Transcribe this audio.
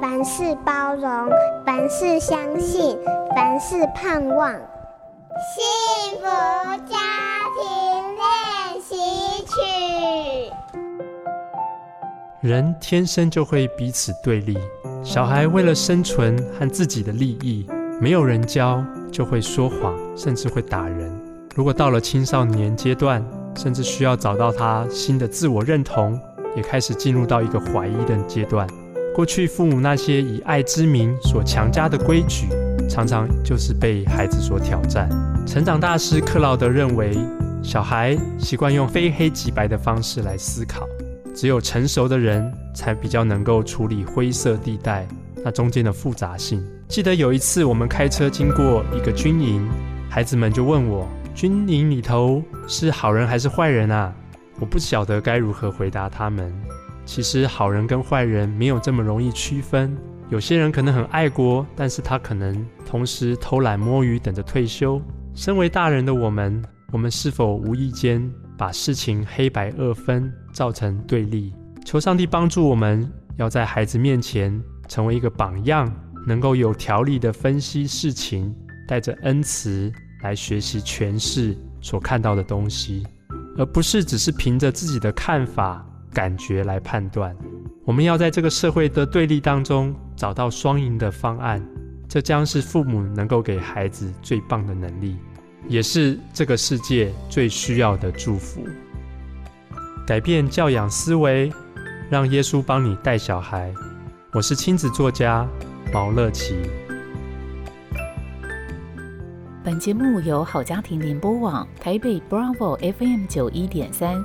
凡事包容，凡事相信，凡事盼望。幸福家庭練習曲。人天生就會彼此對立。小孩為了生存和自己的利益，沒有人教就會說謊，甚至會打人。如果到了青少年階段，甚至需要找到他新的自我認同，也開始進入到一個懷疑的階段。過去父母那些以愛之名所強加的規矩，常常就是被孩子所挑戰。成長大師克勞德認為，小孩習慣用非黑即白的方式來思考，只有成熟的人才比較能夠處理灰色地帶那中間的複雜性。記得有一次我們開車經過一個軍營，孩子們就問我：軍營裡頭是好人還是壞人啊？我不曉得該如何回答他們。其實好人跟壞人沒有這麼容易區分。有些人可能很愛國，但是他可能同時偷懶摸魚，等着退休。身為大人的我們，我們是否無意間把事情黑白二分，造成對立？求上帝幫助我們，要在孩子面前成為一個榜樣，能夠有條理的分析事情，帶着恩慈來學習詮釋所看到的東西，而不是只是憑着自己的看法、感覺來判斷，我們要在這個社會的對立當中找到雙贏的方案，這將是父母能夠給孩子最棒的能力，也是這個世界最需要的祝福。改變教養思維，讓耶穌幫你帶小孩。我是親子作家毛樂祈。本節目由好家庭聯播網台北 Bravo FM 九一點三。